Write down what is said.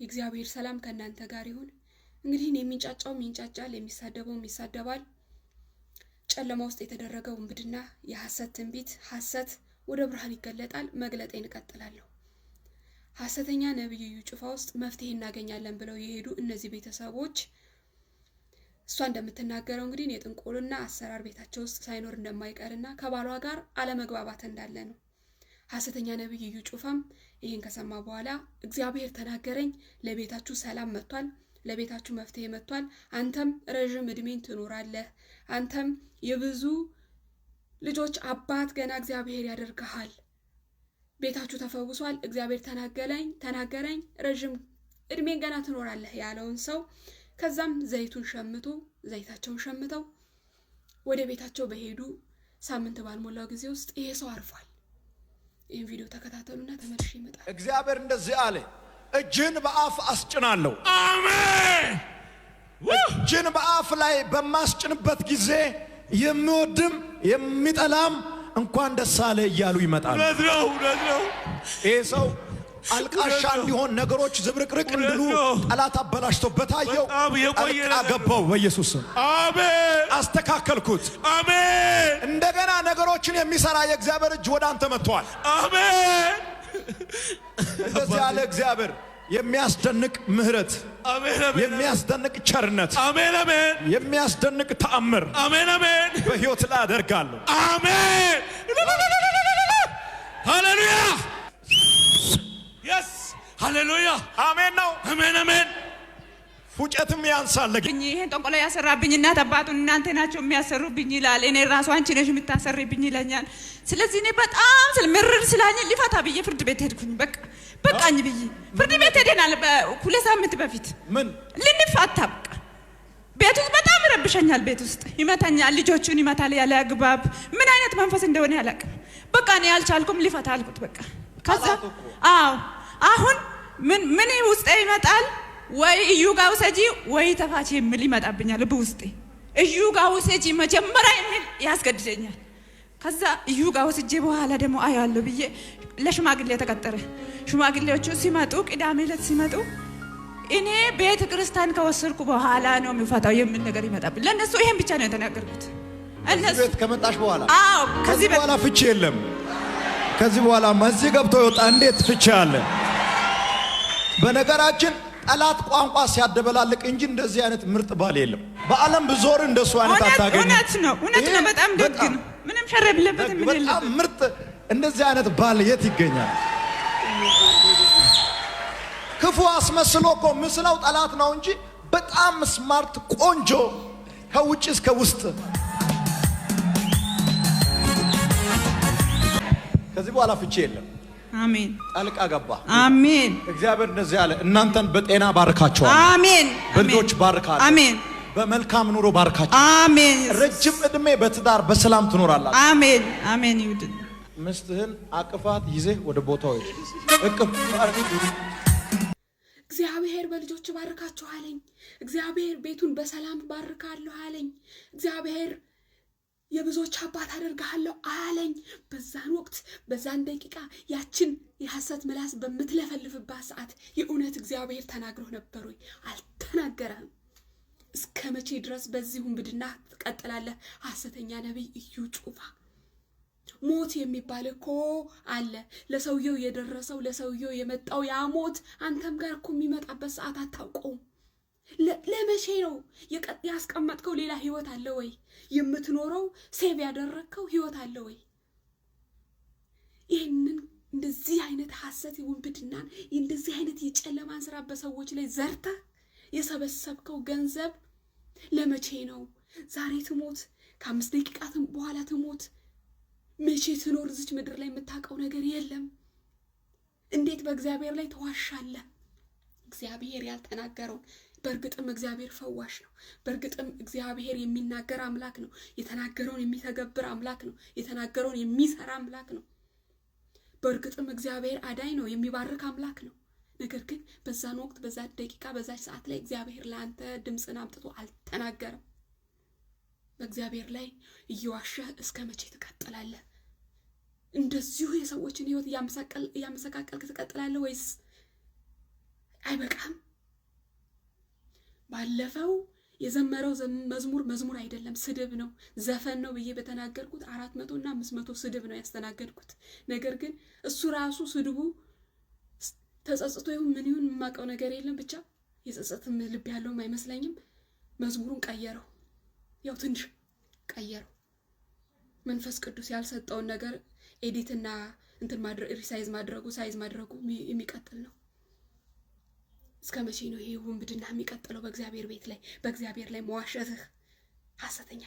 የእግዚአብሔር ሰላም ከእናንተ ጋር ይሁን። እንግዲህ የሚንጫጫውም ይንጫጫል፣ የሚሳደበውም ይሳደባል። ጨለማ ውስጥ የተደረገው ውንብድና የሐሰት ትንቢት ሐሰት ወደ ብርሃን ይገለጣል። መግለጤን እቀጥላለሁ። ሐሰተኛ ነቢይ እዩ ጩፋ ውስጥ መፍትሄ እናገኛለን ብለው የሄዱ እነዚህ ቤተሰቦች እሷ እንደምትናገረው እንግዲህ የጥንቆልና አሰራር ቤታቸው ውስጥ ሳይኖር እንደማይቀርና ከባሏ ጋር አለመግባባት እንዳለ ነው። ሐሰተኛ ነቢይ እዩ ጩፋም ይህን ከሰማ በኋላ እግዚአብሔር ተናገረኝ፣ ለቤታችሁ ሰላም መጥቷል፣ ለቤታችሁ መፍትሄ መጥቷል። አንተም ረዥም እድሜን ትኖራለህ። አንተም የብዙ ልጆች አባት ገና እግዚአብሔር ያደርግሃል። ቤታችሁ ተፈውሷል። እግዚአብሔር ተናገረኝ ተናገረኝ ረዥም እድሜን ገና ትኖራለህ ያለውን ሰው ከዛም ዘይቱን ሸምቶ ዘይታቸውን ሸምተው ወደ ቤታቸው በሄዱ ሳምንት ባልሞላው ጊዜ ውስጥ ይሄ ሰው አርፏል። ይህን ቪዲዮ ተከታተሉና ተመልሼ ይመጣል። እግዚአብሔር እንደዚህ አለ፣ እጅን በአፍ አስጭናለሁ። አሜን። እጅን በአፍ ላይ በማስጭንበት ጊዜ የሚወድም የሚጠላም እንኳን ደስ አለ እያሉ ይመጣል። ይሄ ሰው አልቃሻ እንዲሆን ነገሮች ዝብርቅርቅ እንድሉ ጠላት አበላሽቶ በታየው አልቃ ገባው። በኢየሱስ ስም አስተካከልኩት። አሜን። እንደገና ነገሮችን የሚሰራ የእግዚአብሔር እጅ ወደ አንተ መጥቷል። አሜን። እንደዚህ ያለ እግዚአብሔር የሚያስደንቅ ምህረት የሚያስደንቅ ቸርነት አሜን አሜን የሚያስደንቅ ተአምር አሜን አሜን በሕይወት ላይ አደርጋለሁ። አሜን ሃሌሉያ ሃሌሉያ አሜን ነው። አሜን አሜን። ፉጨትም ያንሳል። ይሄን ጠንቆላ ያሰራብኝ እናት አባቱን እናንተ ናቸው የሚያሰሩብኝ ይላል። እኔ ራሱ አንቺ ነሽ የምታሰርብኝ ይለኛል። ስለዚህ እኔ በጣም ስለምርር ስላኝ ሊፋታ ብዬ ፍርድ ቤት ሄድኩኝ። በቃ በቃኝ ብዬ ፍርድ ቤት ሄደናል። ሁለት ሳምንት በፊት ምን ልንፋታ በቃ ቤት ውስጥ በጣም ይረብሸኛል። ቤት ውስጥ ይመታኛል፣ ልጆቹን ይመታል ያለ አግባብ። ምን አይነት መንፈስ እንደሆነ ያላቅም። በቃ እኔ አልቻልኩም፣ ሊፈታ አልኩት። በቃ ከዛ አዎ አሁን ምን ምን ውስጤ ይመጣል? ወይ እዩ ጋ ውሰጂ ወይ ተፋች የሚል ይመጣብኛል። ልብ ውስጤ እዩ ጋ ውሰጂ መጀመሪያ የሚል ያስገድደኛል። ከዛ እዩ ጋ ውስጄ በኋላ ደግሞ አያለሁ ብዬ ለሽማግሌ ተቀጠረ። ሽማግሌዎቹ ሲመጡ ቅዳሜ ዕለት ሲመጡ እኔ ቤተ ክርስቲያን ከወሰድኩ በኋላ ነው የሚፈታው የሚል ነገር ይመጣብኝ። ለእነሱ ይሄን ብቻ ነው የተናገርኩት። እነሱ ቤት ከመጣሽ በኋላ አዎ፣ ከዚህ በኋላ ፍቺ የለም። ከዚህ በኋላ መዚህ ገብቶ ይወጣ እንዴት ፍቺ አለ? በነገራችን ጠላት ቋንቋ ሲያደበላልቅ እንጂ እንደዚህ አይነት ምርጥ ባል የለም። በዓለም ብዞር እንደሱ አይነት አታገኝ። እውነት ነው፣ እውነት ነው። በጣም ደግ ነው። ምንም ምን ብለበት በጣም ምርጥ እንደዚህ አይነት ባል የት ይገኛል? ክፉ አስመስሎ እኮ ምስለው ጠላት ነው እንጂ በጣም ስማርት ቆንጆ ከውጭ እስከ ውስጥ። ከዚህ በኋላ ፍቼ የለም። አሜን። ጣልቃ ገባ። አሜን። እግዚአብሔር እንደዚህ ያለ እናንተን በጤና ባርካቸዋለሁ። አሜን። በልጆች ባርካለሁ። አሜን። በመልካም ኑሮ ባርካቸው። አሜን። ረጅም እድሜ በትዳር በሰላም ትኖራላችሁ። አሜን። አሜን። ይሁድ ምስትህን አቅፋት ይዘህ ወደ ቦታው ሂድ። እቅፍ እግዚአብሔር በልጆች ባርካችኋለኝ። እግዚአብሔር ቤቱን በሰላም ባርካለሁ አለኝ። እግዚአብሔር የብዙዎች አባት አደርግሃለሁ አለኝ። በዛን ወቅት በዛን ደቂቃ ያችን የሐሰት ምላስ በምትለፈልፍባት ሰዓት የእውነት እግዚአብሔር ተናግሮ ነበር አልተናገረም። እስከ መቼ ድረስ በዚህ ውንብድና ትቀጥላለህ? ሐሰተኛ ነቢይ እዩ ጩፋ ሞት የሚባል እኮ አለ። ለሰውየው የደረሰው ለሰውየው የመጣው ያ ሞት አንተም ጋር እኮ የሚመጣበት ሰዓት አታውቀውም። ለመቼ ነው ያስቀመጥከው? ሌላ ህይወት አለ ወይ? የምትኖረው ሴቭ ያደረግከው ህይወት አለ ወይ? ይህንን እንደዚህ አይነት ሐሰት ውንብድናን፣ እንደዚህ አይነት የጨለማን ስራ በሰዎች ላይ ዘርተ የሰበሰብከው ገንዘብ ለመቼ ነው? ዛሬ ትሞት፣ ከአምስት ደቂቃ በኋላ ትሞት፣ መቼ ትኖር ዝች ምድር ላይ የምታውቀው ነገር የለም። እንዴት በእግዚአብሔር ላይ ተዋሻለ እግዚአብሔር ያልተናገረው በእርግጥም እግዚአብሔር ፈዋሽ ነው። በእርግጥም እግዚአብሔር የሚናገር አምላክ ነው። የተናገረውን የሚተገብር አምላክ ነው። የተናገረውን የሚሰራ አምላክ ነው። በእርግጥም እግዚአብሔር አዳኝ ነው፣ የሚባርክ አምላክ ነው። ነገር ግን በዛን ወቅት፣ በዛ ደቂቃ፣ በዛች ሰዓት ላይ እግዚአብሔር ለአንተ ድምፅን አምጥቶ አልተናገረም። በእግዚአብሔር ላይ እየዋሸህ እስከ መቼ ትቀጥላለህ? እንደዚሁ የሰዎችን ሕይወት እያመሰቃቀልክ ትቀጥላለህ ወይስ አይበቃም? ባለፈው የዘመረው መዝሙር መዝሙር አይደለም፣ ስድብ ነው፣ ዘፈን ነው ብዬ በተናገርኩት አራት መቶ እና አምስት መቶ ስድብ ነው ያስተናገድኩት። ነገር ግን እሱ ራሱ ስድቡ ተጸጽቶ ይሁን ምን ይሁን የማውቀው ነገር የለም ብቻ የጸጸትም ልብ ያለውም አይመስለኝም። መዝሙሩን ቀየረው፣ ያው ትንሽ ቀየረው። መንፈስ ቅዱስ ያልሰጠውን ነገር ኤዲትና እንትን ማድረግ ሪሳይዝ ማድረጉ ሳይዝ ማድረጉ የሚቀጥል ነው። እስከ መቼ ነው ይሄ ውንብድና የሚቀጥለው? በእግዚአብሔር ቤት ላይ በእግዚአብሔር ላይ መዋሸትህ ሐሰተኛ